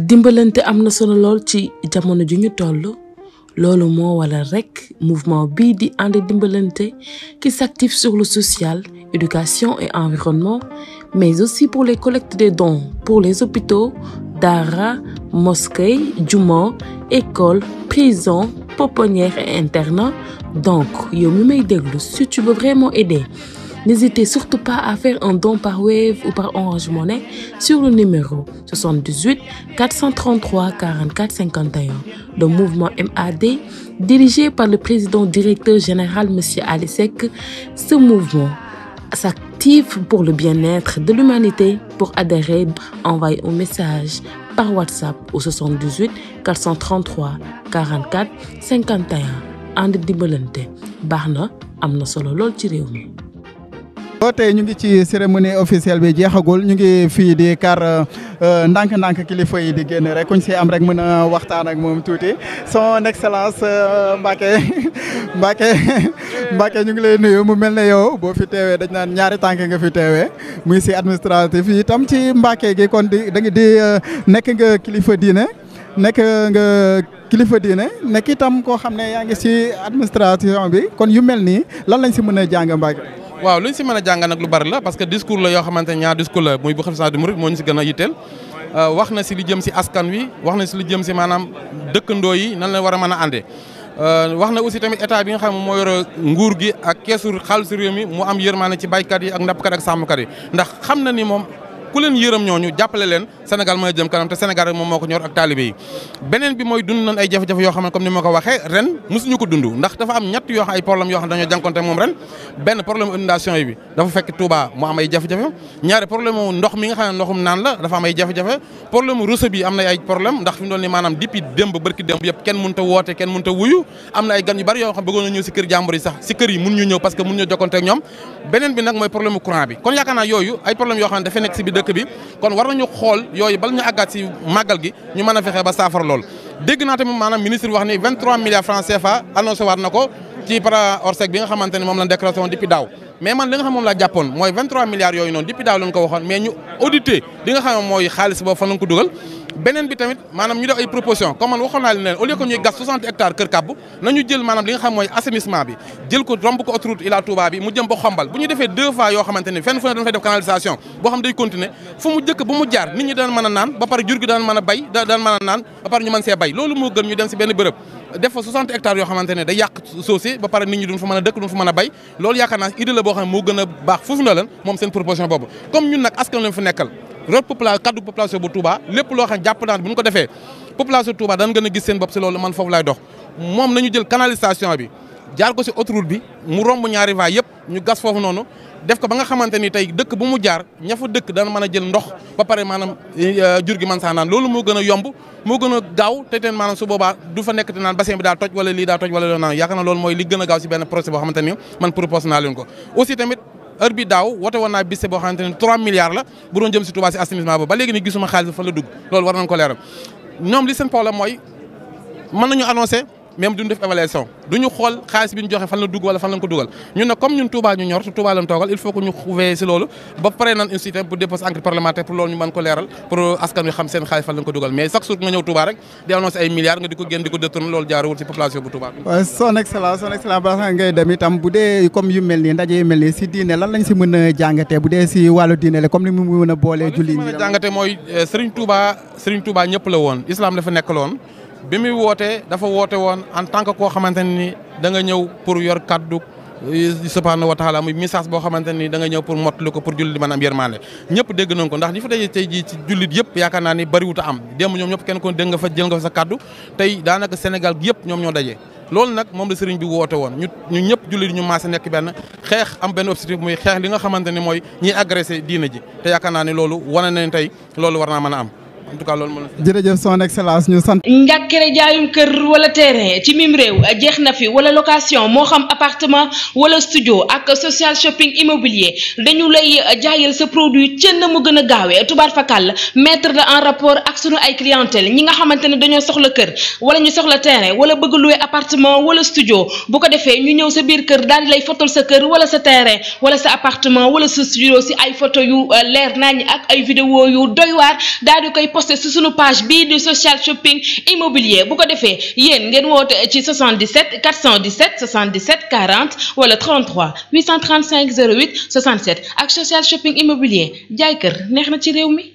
dimbalante am na solo lool ci jamono ju ñu wala rek mouvement bii di ànd dimbalante qui s'active sur le social éducation et environnement mais aussi pour les collectes de dons pour les hôpitaux dara mosquée juma école prison pouponnière et internat donc yow mi may déglu si tu veux vraiment aider N'hésitez surtout pas à faire un don par Wave ou par Orange monnaie sur le numéro 78 433 44 51 de Mouvement MAD dirigé par le président directeur général M. Alisek. Ce mouvement s'active pour le bien-être de l'humanité. Pour adhérer, envoyez un message par WhatsApp au 78 433 44 51 And Barna, Amna solo tey ñu ngi ci cérémonie officielle bi jeexagul ñu ngi fii di car euh, euh, ndànk-ndànk kilifa yi di génn rek kuñ si am rek mën a waxtaan ak moom tuuti son excellence Mbacke Mbacke Mbacke ñu ngi lay nuyu mu mel ne yow boo fi teewee dañ naan ñaari tànk nga fi teewee muy si administratif yi tam ci mbaake gi kon di da di euh, nekk nga kilifa diine nekk nga kilifa diine nekk itam koo xam ne yaa ngi si administration bi kon yu mel nii lan lañ si mën a jàng Mbacke waaw lu ñu si mën a jàngal nag lu bari la parce que discours la yoo xamante ñaar discours la muy bu xam saa du murid moo ñu si gën a yitteel euh, wax na si lu jëm si askan wi wax na si lu jëm si maanaam dëkkandoo yi nan la war a mën a àndee euh, wax na aussi tamit état bi nga xam moo yore nguur gi ak keesu xaalisu réew mi mu am yërmaane ci baykat yi ak nappkat ak sàmmkat yi ndax xam na ni moom ku leen yërëm ñooñu jàppale leen Sénégal mooy jëm kanam te Sénégal moom moo ko ñor ak taalibe yi beneen bi mooy dund nañ ay jafe-jafe yoo xam ne comme ni ma ko waxee ren mosuñu ko dund ndax dafa am ñett yoo xam ay problème ndax fi ni maanaam depuis démb barki démb yëpp kenn mënut a woote kenn mënut a wuyu am na ay gan yu bari yoo xam bëggoon ñëw si kër jàmbur yi sax si kër yi mun ñu ñëw parce que mun ñu jokkonte ñoom beneen bi nag mooy problème dëkk bi kon war nañu xool yooyu bala ñu àggaat si màggal gi ñu mën a fexe ba saafara lool dégg naa maanaam ministre wax ni 23 milliards francs CFA na ko ci para orsec bi nga xamante ne moom lañ déclaré woon daaw mais man li nga xam japon 23 milliards yoy non depuis daw lañ ko mais ñu audité li nga xam moy bo fa lañ ko duggal benen bi tamit manam ñu def ay proposition comme man leen au lieu que ñuy 60 hectares nañu jël manam li nga xam moy assainissement bi jël ko romb ko autoroute Ila Touba bi mu jëm ba xombal bu ñu fait deux fois yo fenn ne dañ fay def canalisation des xam day continuer fu mu bu mu jaar nit ñi naan ba bay naan ba def 60 hectares yo xamantene des yak sosie ba nit ñi duñ fa mëna duñ fa bay idée la bo xam ne gëna na seen proposition comme ñun nak askan lañ fa nekkal rot population kaddu population bu Touba lepp lo xam japp buñ ko défé population Touba dañ gis seen ci loolu man lay dox nañu canalisation bi jaar ko autre route bi mu romb ñaari ñu gas def ko ba nga xamante ni tey dëkk bu mu jaar ña fa dëkk dana mën a jël ndox ba pare maanaam euh, jur gi man saa naan loolu moo gën a yomb moo gën a gaaw te teen maanaam su boobaa du fa nekk te naan bassin bi daa toj wala lii daa toj wala loo naan yaakaar na loolu mooy a gaaw si benn projet boo xamante ni man propose naa leen ko aussi tamit heure bi daaw woote woon naa bisse boo xamante ne 3 milliards la bu doon jëm si Touba si assainissement ba ba léegi ni gisuma xaalis fan la dugg loolu war nañ ko ñoom li seen problème mooy mën nañu annoncé même duñ def évaluation duñu xool xaalis bi ñu joxe fan la dugg wala fan lañ ko dugal ñun nag comme ñun Touba ñu ñor te Touba lañ togal il faut que ñu veiller ci lolu ba paré nan incité pour déposer enquête parlementaire pour lolu ñu man ko léral pour askan ñu xam seen xaalis fan lañ ko dugal mais chaque jour nga ñew Touba rek di annoncé ay milliards nga diko ko diko di lolu détourné loolu jaarawul population bu Touba waaw son excellence son excellence balaa ngay dem itam bu dé comme yu melni ndaje yu melni nii si lan lañ ci mëna a bu dé ci walu diiné la comme ni mu mën a boolee julli ñi mën a euh, Serigne Touba Serigne Touba ñëpp la won islam la fa nekk loon bi muy wootee dafa woote woon en tant que koo xamante ni da nga ñëw pour yor kàddu subhaanahu wa taala muy message boo xamante ni da nga ñëw pour mottali ko pour jullit di mën am yërmande ñëpp dégg nañ ko ndax ñi fa daje tey jii ci jullit yëpp yaakaar naa ni bëriwut a am démb ñoom ñëpp kenn ko dégg nga fa jël nga fa sa kàddu tey daanaka Sénégal yëpp ñoom ñoo daje loolu nag moom la sëriñ bi woote woon ñu ñu ñëpp jullit ñu maase nekk benn xeex am benn objectif muy xeex li nga xamante ni mooy ñiy agressé diina ji yaakaar naa ni loolu wane nañ tey loolu war naa mën a am en tout cas loolu moom jërëjëf son excellence ñu sant. njàkkere jaayum kër wala terrain ci mim réew jeex na fi wala location moo xam appartement wala studio ak social shopping immobilier dañu lay jaayal sa produit cën na mu gën a gaawee tubaar fakal mettre la en rapport ak sunu ay clientèle ñi nga xamante ne dañoo soxla kër wala ñu soxla terrain wala bëgg louer appartement wala studio bu ko defee ñu ñëw sa biir kër daal di lay fotol sa kër wala sa terrain wala sa appartement wala sa studio si ay photo yu euh, leer nañ ak ay vidéo yu doy C'est sur une page B du social shopping immobilier bu de defee yéen ngeen ci 77 417 77 40 wala 33 835 08 67 ak social shopping immobilier jaay kër nexna ci